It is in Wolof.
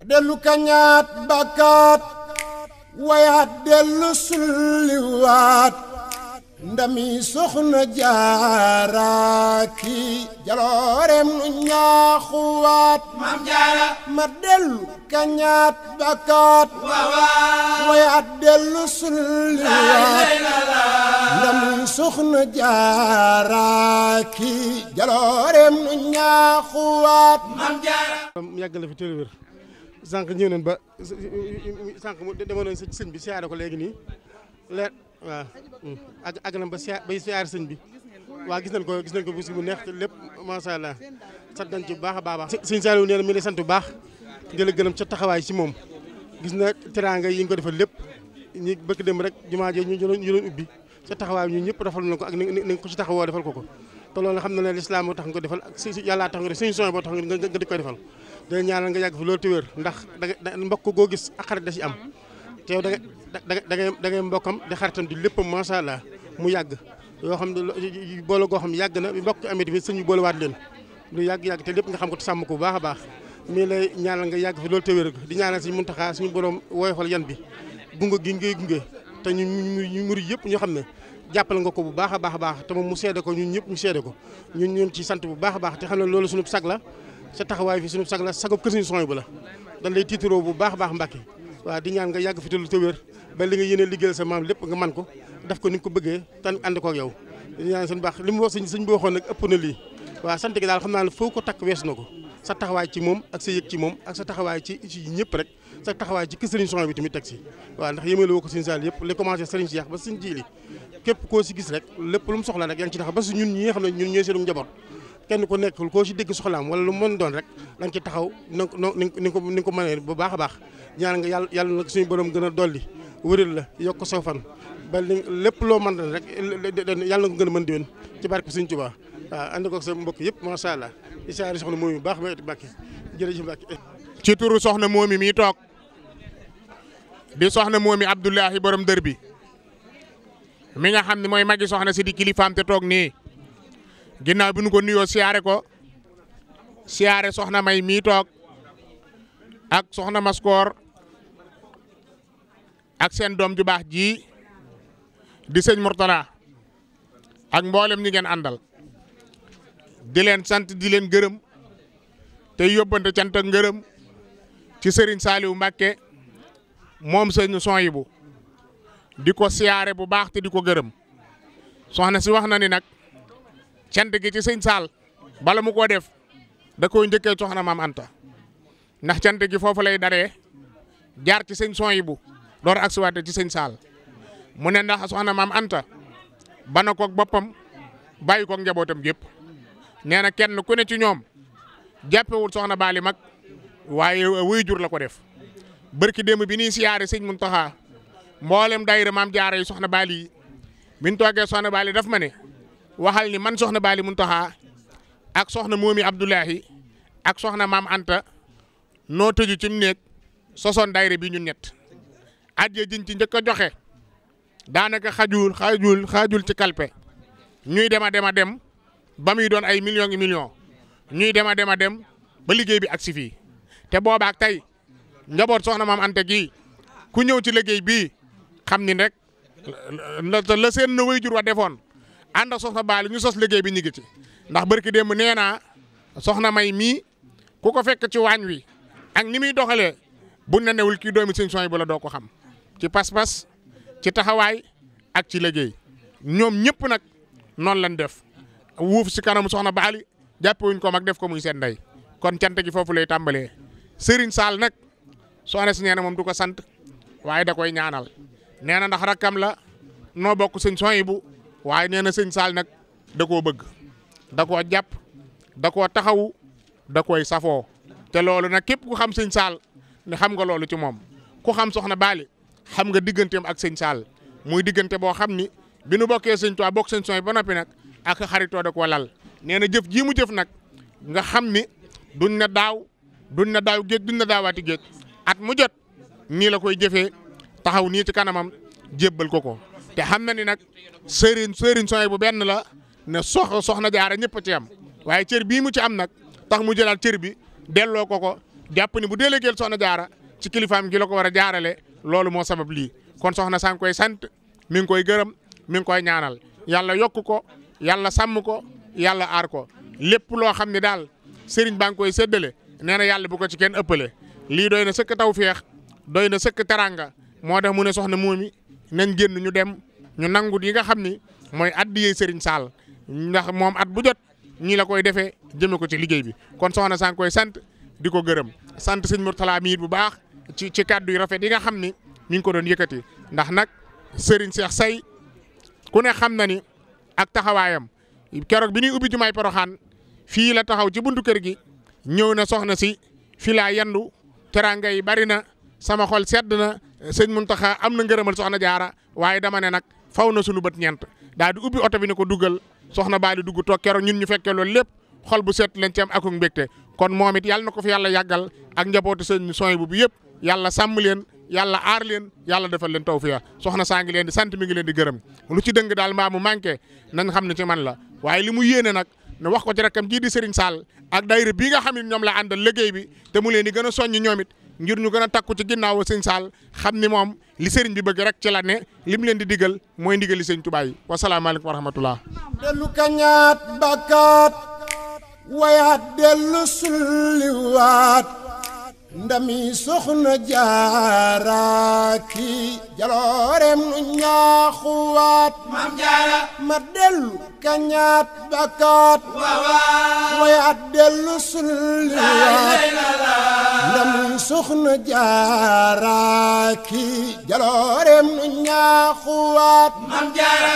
dellu kañaat bakkaat wayaat dellu sulliwaat ndami soxna jaaraaki jaloorem nu ñaaxuwaat maam jaara ma dellu kañaat bakkaat wayaat dellu sulliwaat ndami soxna jaaraaki jaloorem nu ñaaxuwaat maam jaara yàgg la fi téléwér sànq ñëw nañ ba sànq mu demoon nañ sëñ bi siyaare ko léegi nii leer waaw ak ak na ba siyaar bay siyaar sëñ bi waa gis nañ ko gis nañ ko bis bu neex te lépp macha allah sant nañ ci bu baax a baax baax sëñ Saliou nee na mi sant bu baax jël la gërëm taxawaay si moom gis na teraanga yi nga ko defal lépp ñi bëgg dem rek jumaa jee ñu doon ubbi sa taxawaay ñu ñëpp defal na ko ak ni nga ko ci taxawoo defal ko ko te loolu xam na ne lislaam moo tax nga ko defal ak si yàllaa def suñu soñ boo tax nga nga di koy defal day ñaanal nga yàgg fi loolu te wér da mbokk goo da si am mbokkam di xaritam di léppam macha allah mu yàgg yoo xam ne boole goo xam yàgg na mbokk amee bi sëñ bi boolewaat leen lu yàgg-yàgg te lépp nga xam ko te sàmm baax a baax mii lay ñaanal nga yàgg fi loolu te wér di ñaanal suñu muntaxaa suñu borom woyofal yan bi gunge gi ngay gunge te ñu ñu murid yëpp ñoo xam ne jàppal nga ko bu baax baax a baax te mu seede ko ñun ñëpp ñu seede ko ñun ñoom ci sant bu baax a baax te xam ne loolu sunub sag la sa taxawaay fi sunub a baax Mbàkke yàgg fi te lu te wér ba li sa ko ko ni nga ko bëggee tan ànd koog yow di ñaan suñu li mu wax sëñ naa ne foo ko takk wees na ko sa taxawaay ci moom ak sa yëg ci moom ak sa taxawaay ci ci ñëpp rek sa taxawaay ci bi tamit teg si waa ndax yémale woo ko sëriñ Sall yëpp li commencé sëriñ Cheikh ba sëriñ Jili képp koo si gis rek lépp lu mu soxla rek yaa ngi ci taxaw ba su ñun ñi nga xam ne ñun ñooy seenu njaboot kenn ku nekk koo ci dégg soxlaam wala lu mën doon rek da nga ci taxaw na ni ko ni ko bu baax a baax ñaan nga yàlla yàlla nag suñu borom gën a dolli wëril la yokk saw fan ba lépp loo mën na ko gën a mën diwén ci barke Sëriñ Tuubaa waaw ànd ko sa mbokk yëpp macha allah isaari soxna moomi bu baax mati Mbàkke jërëjëf Mbàkke ci turu soxna moomi mii toog di soxna moomi Abdoulahi borom dër bi mi nga xam ne mooy magi soxna si di kilifaam te toog nii ginnaaw bi nu ko nuyoo siyaare ko siyaare soxna may mii toog ak soxna maskoor ak seen doom ju baax ji di sëñ Mourtala ak mboolem ñi ngeen àndal di leen sant di leen gërëm te yóbbante cant gërëm ngërëm ci Serigne Saliou Mbacké moom sëñ Sohibou di ko siyaare bu baax te di ko gërëm soxna si wax na ni nag cant gi ci sëñ Saal bala mu ko def da koy njëkkee soxna mam Anta ndax cant gi foofu lay daree jaar ci sëñ son yi bu door ak siwaate ci sëñ Saal mu ne ndax soxna mam Anta ba na boppam bàyyi koog njabootam gépp nee na kenn ku ne ci ñoom jàppewul soxna Baali mag waaye wuy jur la ko def barki démb bi ñuy siyaare sëñ Muntaxa mboolem daayira maam jaara yi soxna Baali yi bi toogee soxna Baali daf ma ne waxal ni man soxna Baali Muntaxa ak soxna Moomi Abdoulahi ak soxna maam Anta noo tëju ci mu nekk sosoon daayira bi ñun ñett àjjee jiñ ci njëkk a joxe daanaka xajul xajul xajul ci kalpe ñuy dem a dem a dem ba muy doon ay million yi ñuy dem a dem a dem ba liggéey bi ak si te boobaak tey njaboot soxna maam Anta gii ku ñëw ci liggéey bii. xam ni rek la seen na way jur wa defoon ànd ak soxna Baali ñu sos liggéey bi ñu ngi ci ndax barki démb nee naa soxna May mii ku ko fekk ci waañ wi ak ni muy doxalee buñ ne newul kii doomi sëñ sooy bu la doo ko xam ci pas-pas ci taxawaay ak ci liggéey ñoom ñëpp nag noonu la def wuuf si kanam soxna Baali jàppewuñ ko mag def ko muy seen ndey kon cant gi foofu lay tàmbale Serigne Sall nag soxna si nee na moom du ko sant waaye da koy ñaanal. nee na ndax rakkam la noo bokk sëñ bu waaye nee na sëñ Saal nag da koo bëgg da jàpp da koo taxawu da koy safoo te loolu nag képp ku xam sëñ Saal ne xam nga loolu ci moom ku xam soxna Baali xam nga digganteem ak sëñ Saal muy diggante boo xam ni bi nu bokkee sëñ Tuubaa bokk sëñ Sohibou ba noppi nag ak xaritoo da lal nee na jëf jii mu jëf nag nga xam ni duñ na daaw duñ na daaw géej duñ na daawaati géej at mu jot nii la koy jëfee. taxaw nii ci kanamam jébbal ko ko te xam na ni nag sëriñ sëriñ sooy bu benn la ne sox soxna jaara ñëpp ci am waaye cër bii mu ci am nag tax mu jëlaat cër bi delloo ko ko jàpp ni bu délégué soxna jaara ci kilifaam gi la ko war a jaarale loolu moo sabab lii kon soxna saa ngi koy sant mi ngi koy gërëm mi ngi koy ñaanal yàlla yokk ko yàlla sàmm ko yàlla aar ko lépp loo xam ne daal sëriñ baa ngi koy séddale nee na yàlla bu ko ci kenn ëppale lii doy na sëkk tawféex doy na sëkk teranga moo tax mu ne soxna moomi nañ génn ñu dem ñu nangu yi nga xam ni mooy at addiyee Serigne Sall ndax moom at bu jot ñii la koy defee jëme ko ci liggéey bi kon soxna saa koy sant di ko gërëm sant sëñ Mourtala mi it bu baax ci ci kàddu yu rafet yi nga xam ni mi ko doon yëkkati ndax nag Serigne Cheikh Say ku ne xam na ni ak taxawaayam keroog bi ñuy ubbi jumaay Poroxaan fii la taxaw ci buntu kër gi ñëw na soxna si fii laa yendu teraanga yi bari na sama xol sedd na sëñ Muntaxa am na ngërëmal soxna jaara waaye dama ne nag faw na sunu bët ñeent daal di ubbi oto bi ne ko duggal soxna baali dugg toog keroog ñun ñu fekkee loolu lépp xol bu set leen ci am ak mbégte kon moom it na ko fi yàlla yàggal ak njabootu sëñ sooy bu bi yëpp yàlla sàmm leen yàlla aar leen yàlla defal leen tawfiya soxna saa leen di sant mi leen di gërëm lu ci dëng daal mbaa mu nañ xam ne ci man la waaye li mu yéene nag ne wax ko ci rakkam jii di Serigne Sall ak daayira bii nga xam ne ñoom la a soññ ñoom ngir ñu gën a takku ci ginnaaw sëñ Saal xam ni moom li sëriñ bi bëgg rek ci la lim leen di digal mooy ndigali sëñ Tuubaa yi wasalaamaaleykum wa rahmatullah dellu kañaat bakkaat wayaat dellu sulliwaat ndami soxna jaaraaki jaloorem nu ñaaxuwaat ma dellu kañaat bakkaat wayaat dellu sulliwaat am soxna jaara ki jaloorem nu ñaaxuwaat mam jaara